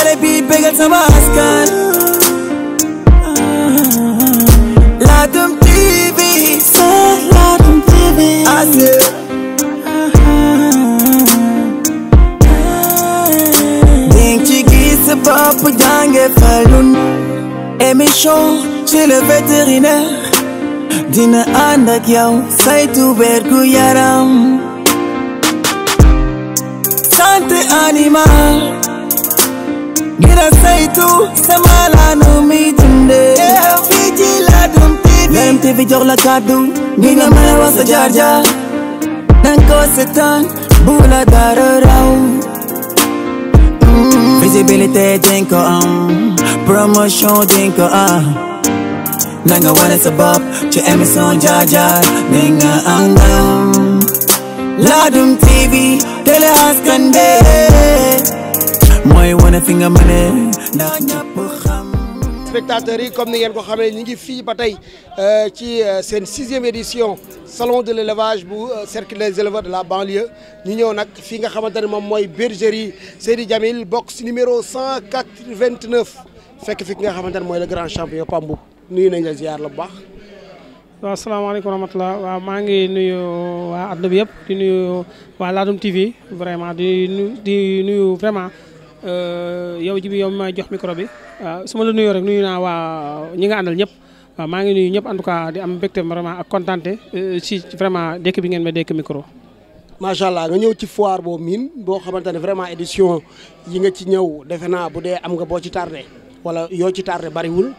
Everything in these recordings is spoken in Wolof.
télé bi bégal sama askan Ladoum TV c'est Ladoum TV ning ci gis sa bopp jànge falun émission chez le vétérinaire dina ànd ak yow saytu wergu animal ngir a saytu sama mi dundee. teew fii ci Ladoum TV. Ladoum TV jox la kàddu. nga mën a jaar jaar. ko seetaan bu mm. nanga wane sa bopp ci émission jaar jaar mi nga am ndam. Ladoum TV télé askan bi. mooy wane fi nga mënee ndax ñëpp xam. spectateurs yi comme ni ngeen ko xamee ñu ngi fii ba tey euh, ci euh, seen sixième édition salon de l' bu euh, cercle des éleveurs de la banlieue ñu ñëw nag fii nga xamante ne moom mooy bergerie Seydi Djamil box numéro 189 fekk fi nga xamante ne mooy le grand champion Pape Mboup nuyu nañ la ziar la bu baax. waaw asalaamaaleykum wa rahmatulah maa ngi nuyu waa àdduna bi yëpp di nuyu waa Ladoum TV vraiment di di nuyu vraiment. Euh, yow ji bi yow ma jox micro bi su ma la nuyoo rek nuyu naa waa ñi nga àndal ñëpp maa ngi nuyu ñëpp en tout cas di am mbégte vraiment ak kontaante euh, si vraiment dékk bi ngeen ma dékk micro. macha allah nga ñëw ci foir boo miin boo xamante ne vraiment édition yi nga ci ñëw defe naa bu dee am nga boo ci tardé wala yoo ci tardé bariwul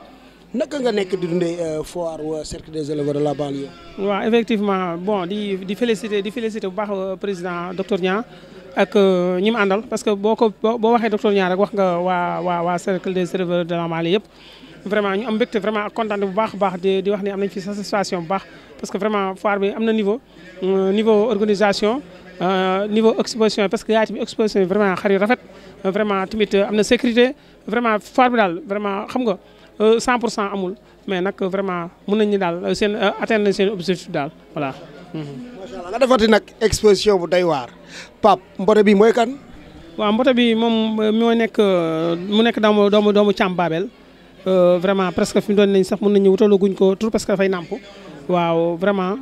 naka nga nekk di dundee euh, foire wa cercle des éleveurs de la banlieue. waaw effectivement bon di di félicité di félicité bu baax président docteur Niang. ak euh, ñi mu àndal parce que boo ko boo waxee docteur Niang rek wax nga waa waa waa cercle des serveurs de la Mali yëpp. vraiment ñu am mbégte vraiment ak kontaan bu baax a baax di di wax ne am nañ fi satisfaction bu baax parce que vraiment foire bi am na niveau euh, niveau organisation. Euh, niveau exposition parce que yaa tamit exposition vraiment xar yu rafet vraiment tamit am na sécurité vraiment foire bi daal vraiment xam nga 100 cent amul mais nag vraiment mën nañu daal seen atteindre seen objectif daal macha allah nga nag exposition bu day waar Pape mbote bi mooy kan. waaw mbote bi moom euh, moo nekk euh, mu nekk doomu doomu doomu Thiam Babel euh, vraiment presque fi mu doon nañ sax mën nañu wutaloo guñ ko tur parce que dafay nàmp. waaw vraiment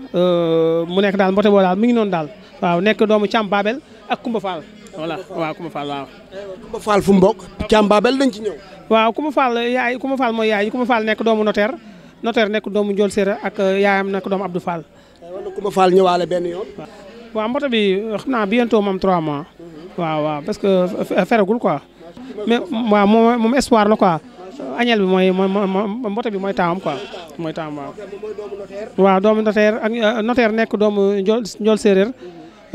mu nekk daal mbote boo daal mi ngi noonu daal waaw nekk doomu Thiam Babel ak Kumba Fall. voilà waaw Kumba Fall waaw. fu mu bokk. Thiam Babel dañ ci ñëw. waaw Kumba Fall yaay Kumba Fall mooy yaay Kumba Fall nekk doomu notaire notaire nekk doomu Ndiol Séra ak yaayam nekk doomu Abdou Fall. wala Coumba Fall ñëwaale benn waaw moto bi xam naa bientôt moom 3 mois. Mhm. waaw waaw parce que feragul quoi. mais waaw moom espoir la quoi. añel bi mooy mooy moto bi mooy taawam quoi mooy taawam waaw. doomu notaire ak euh, nekk doomu njool séeréer.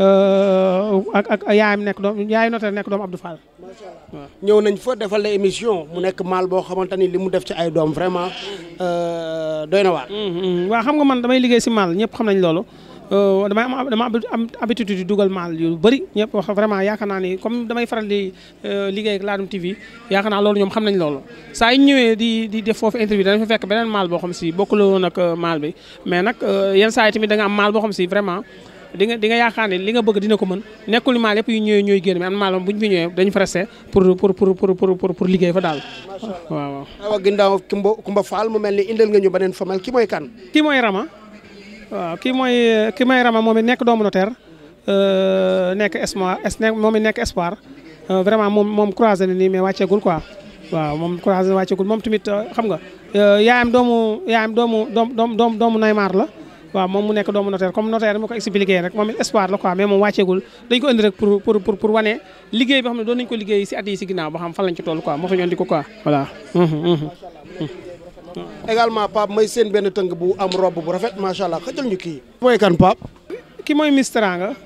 Euh, ak ak yaayam nekk doom yaay notaire nekk doom Abdou Fall. macha allah ñëw nañ foo defal la émission mu nekk maal boo xamante ni li mu def ci ay doom vraiment euh, doy na waar. Mm, mm, mm. waaw xam nga man damay liggéey si maal ñëpp xam nañ loolu. Euh, damay am dama am habitude di dugal maal yu bëri ñëpp wax vraiment yaakaar naa ni comme damay faral di liggéey ak Ladoum TV yaakaar loolu ñoom xam nañ loolu saa yu ñëwee di di def foofu interview danañ fa fekk beneen maal boo xam si bokk woon ak maal bi mais nag yenn saa yi tamit da nga am maal boo xam si vraiment. di nga di nga li nga bëgg dina ko mën nekkul maal yëpp yu ñëwee ñooy génn mais am na maal bu ñu fi ñëwee dañu fa resté pour pour pour pour pour pour liggéey fa daal waaw waaw. mu mel ni indil nga ñu beneen femelle ki mooy kan. ki mooy Rama waaw ki mooy ki mooy Rama moom it nekk doomu notaire euh, nekk espoir moom it nekk espoir euh, vraiment moom moom croisé na nii mais wàcceegul quoi waaw moom croisé na wàcceegul moom tamit euh, xam nga yaayam doomu yaayam doomu doom doom doomu Neymar la. waaw moom mu nekk doomu notaire comme notaire ma ko expliqué rek moom it espoir la quoi mais moom wàcceegul dañ ko indi rek pour pour pour wane liggéey boo xam ne doon nañu liggéey si at yi si ginnaaw ba xam fan lañ ci toll ko également Pape may seen benn tëng bu am robe bu rafet macha allah xajal ñu kii. mooy kan Pape. ki mooy Miss Teranga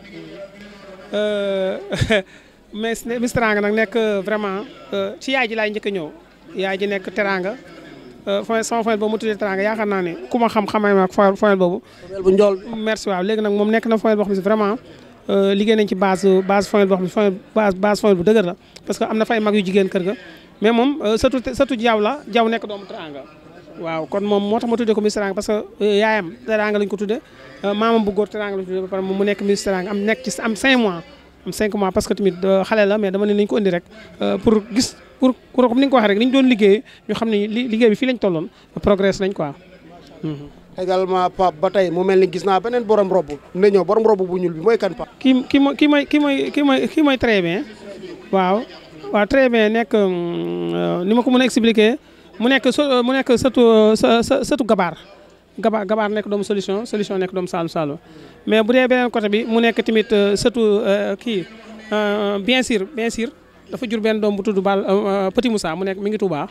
euh, Miss Teranga nag nekk euh, vraiment si euh, yaay ji laay njëkk ñëw yaay ji nekk teraanga Euh, foyel sama foyel boobu mu tuddee teranga yaakaar naa ne ku ma xam xamay maak foyel foyel boobu merci waaw léegi nag moom nekk na foyel boo xam ne vraiment euh, liggéey nañ ci base base foyel boo dëgër la parce que am na fay mag yu jigéen kër ga mais moom euh, surtout surtout la jaw nekk doomu teranga waaw kon moom moo tax ma tuddee ko ministre teranga parce que yaayam teranga lañ ko tuddee maamam bu góor teranga lañ ko tuddee ba pare mu parce que tamit xale la mais dama pour pour comme ni nga ko waxee rek ni doon liggéey ñu xam ne liggéey bi fii lañ tolloon progrès nañ quoi. Mm-hmm. également Pape ba tey mu mel ni gis naa beneen borom robb na ñëw borom robb bu ñuul bi mooy kan Pape. kii kii mooy kii mooy kii mooy kii mooy kii mooy très bien waaw waaw très bien nekk euh, ni ma ko mën a expliquer mu nekk mu nekk sëtu sëtu gabaar gabaar gabaar nekk doomu solution solution nekk doomu saalu saalu mais bu dee beneen côté bi mu nekk tamit euh, sëtu euh, kii bien sûr dafa jur benn doom bu tudd Bal euh, euh, Petit Moussa mu nekk mi ngi Touba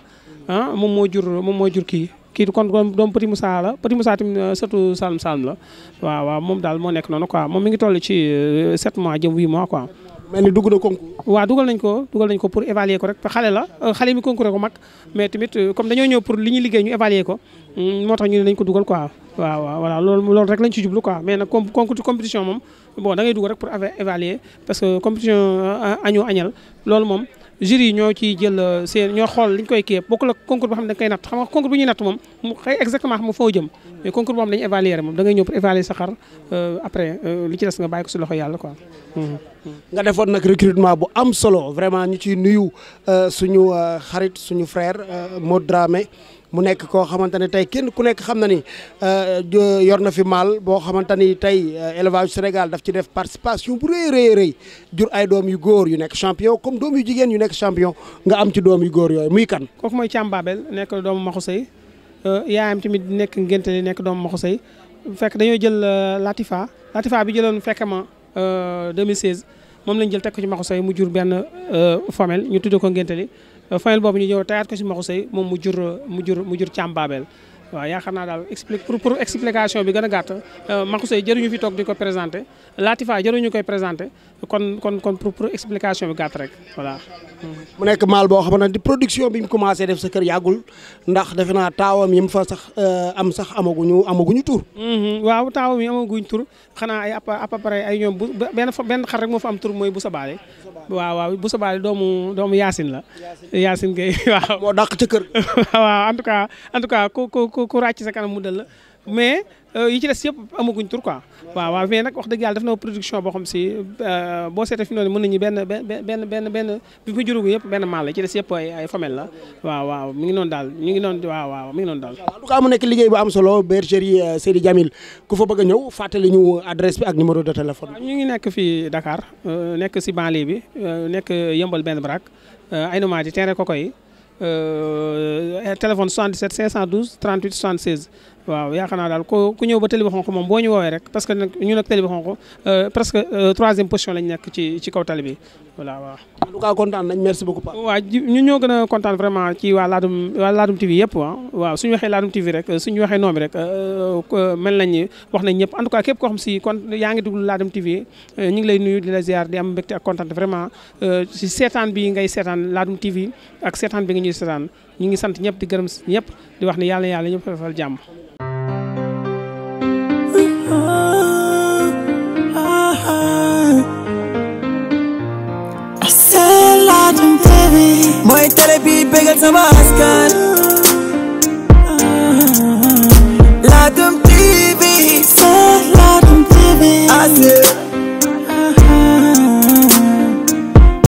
ah moom moo jur moom moo jur kii kii kon doom Petit Moussa la Petit Moussa tamit euh, surtout Salm la waaw waaw moom daal moo nekk noonu quoi moom mi ngi toll ci 7 mois jëm 8 mois quoi. mel ni dugg na concours. waaw dugal nañ ko dugal nañ ko pour évaluer ko rek xale la xale mi concouré ko mag mais tamit comme dañoo ñëw pour li ñu liggéey ñu évaluer ko hmm, moo tax ñu ne nañ ko dugal quoi. waaw waaw voilà loolu loolu rek lañ ci jublu quoi mais nag com compétition moom bon da ngay rek pour évaluer parce que compétition añoo euh, euh, añal loolu moom jury yi ñoo ciy jël euh, seen ñoo xool liñ koy kii boo xam ne koy natt xam nga concours bu ñuy natt moom mu xëy exactement xam nga foo jëm mais moom da ngay ñëw pour évaluer sa xar après li ci des nga bàyyi si loxo yàlla quoi. Hmm. nga defoon nag recrutement bu am solo vraiment ñu ciy nuyu suñu xarit suñu frère Modou Dramé mu nekk koo xamante ne tey kenn ku nekk xam na ni euh, yor na fi maal boo xamante ni tey euh, élevage Sénégal daf ci def participation bu rëy rëy rëy jur ay doom yu góor yu nekk champion comme doom yu jigéen yu nekk champion nga am ci doom yu góor yooyu muy kan. kooku mooy Thiam Babel nekk doomu Maxusey euh, yaayam tamit nekk ngénte li nekk doomu Maxusey bu fekk dañoo jël Latifa Latifa bi jëloon fekk ma 2016 moom lañ jël teg ko ci Maxusey mu jur benn fomel ñu tuddee ko ngénte li fayal boobu ñu ñëw tayaat ko si maxu moom mu jur mu jur mu jur càmbaabeel waaw yaakaar naa daal explique pour pour explication bi gën a gàtt euh, Makhoussay jëruñu fi toog di ko présenté Latifa jëruñu koy présenté kon kon pour pour explication bi gàtt rek voilà. mu nekk maal boo xamante ni production bi commencé def sa kër yàggul ndax defe naa taawam yi mu fa euh, am sax amaguñu amaguñu tur. Mm-hmm, waaw taawam yi amaguñu tur xanaa ay à peu près ay ñoom bu benn benn xar rek moo sa baale. waaw waaw bu sa baale doomu doomu Yacine la. Yacine Gueye waaw. moo dàq ca waaw en tout cas en tout cas ku ku ràcc sa kanam mu dal la mais euh, yi ci des yëpp amaguñ tur quoi waaw waaw mais nag wax dëgg yàlla def na production boo xam si euh, boo seetee fi noonu mën nañu benn benn benn benn bi mu jurugu yëpp benn maal la ci des yëpp ay ay femelle la waaw waaw mi ngi noonu daal ñu ngi noonu waaw waaw mi ngi noonu daal. en tout cas mu nekk liggéey bu am solo bergerie euh, Seydi Djamil ku fa bëgg a ñëw fàttali ñu adresse bi ak numéro de téléphone. ñu ngi nekk fii dakaar nekk si banlieue bi nekk yëmbal benn baraak ay nomades yi terrain koko yi Euh, téléphone 77 512 38 76 waaw yaakaar naa daal ko ku ñëw ba tali moom boo ñu woowee rek parce que nag ñu nag tali ba xonq euh, presque euh, troisième lañ nekk ci ci kaw tali bi voilà waaw. en tout cas kontaan nañ merci beaucoup. waaw ñun ñoo gën a kontaan vraiment ci waa Ladoum waa Ladoum TV yëpp waxee Ladoum TV euh, wax nañ ñëpp en tout cas képp koo si kon yaa ngi dugg Ladoum TV ñu ngi lay nuyu de la ziar di am mbégte ak kontaan vraiment si seetaan bi ngay seetaan Ladoum TV ak seetaan bi nga ñuy seetaan ñu ngi sant ñëpp di gërëm ñëpp di wax ne yàlla yàlla ñëpp defal jàmm bi mooy télé bi bégal sama askan Ladoum TV Ladoum TV